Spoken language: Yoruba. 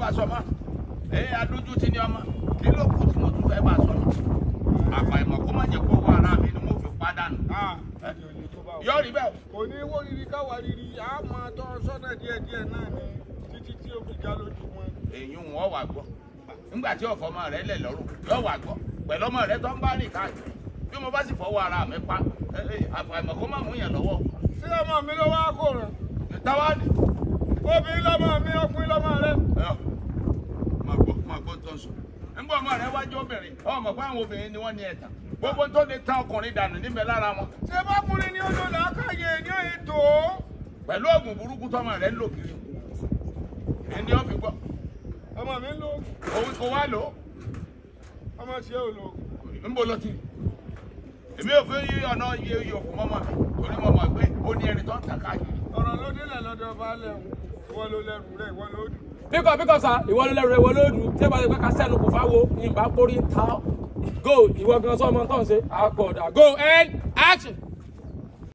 bá sọ mọ́ ẹ adójú ti ní ọmọ kí ló kù tí mo tún fẹ́ bá sọ mọ́ àpà ìmọ̀ kó má jẹ́ kó wọ ara mi ni mo fi pàdánù yọ rí bẹ́ẹ̀. kò ní wó riri káwa riri a máa tọ́ sọ́nà díẹ̀díẹ̀ náà ni títí tí ó fi já lójú wọn. èyí ń wọ́n wà gbọ́ nígbà tí ọ̀fọ̀ ọmọ rẹ̀ lẹ̀ lọ́rùn yọ wà gbọ́ pẹ̀lú ọmọ rẹ̀ tó ń bá rìn káàkiri bí mo bá sì fọwọ́ ara mi pa àfàìmọ̀ kó má mú yàn lọ́wọ́. sí ọmọ mi ló wá kó rẹ̀. táwa ni. obìnrin lọmọ mi ọkùnrin lọmọ nígbà ọmọ rẹ wájú obìnrin ọmọ pé àwọn obìnrin ni wọ́n ní ẹ̀tàn gbogbo tó lè tan ọkùnrin dànù níbẹ̀ lára wọn. ṣé bákùnrin ni ó lò ní ètò. pẹ̀lú oògùn burúkú tọmọ rẹ lò kiri ẹni ó fi gbọ́. ọmọ mi ń òun kò wá lò. ọmọ ṣe ò lò. ń bọ̀ lọ ti. èmi ò fẹ́ yí ọ̀nà iye yòókù mọ́mọ́ mi torí mọ́mọ́ pé ó ní ẹni tó ń tàkà yìí. ọ̀rọ̀ ló délẹ̀ Pick up, pick up, sir! You dùn. bíkọ bíkọ sa ìwọ ló lẹ́rù rẹ̀ ìwọ ló dùn tí ìbá ti pẹ́ ká sẹ́nu kò fáwo go ìwọ gan sọ́mọ tó ń ṣe go and action.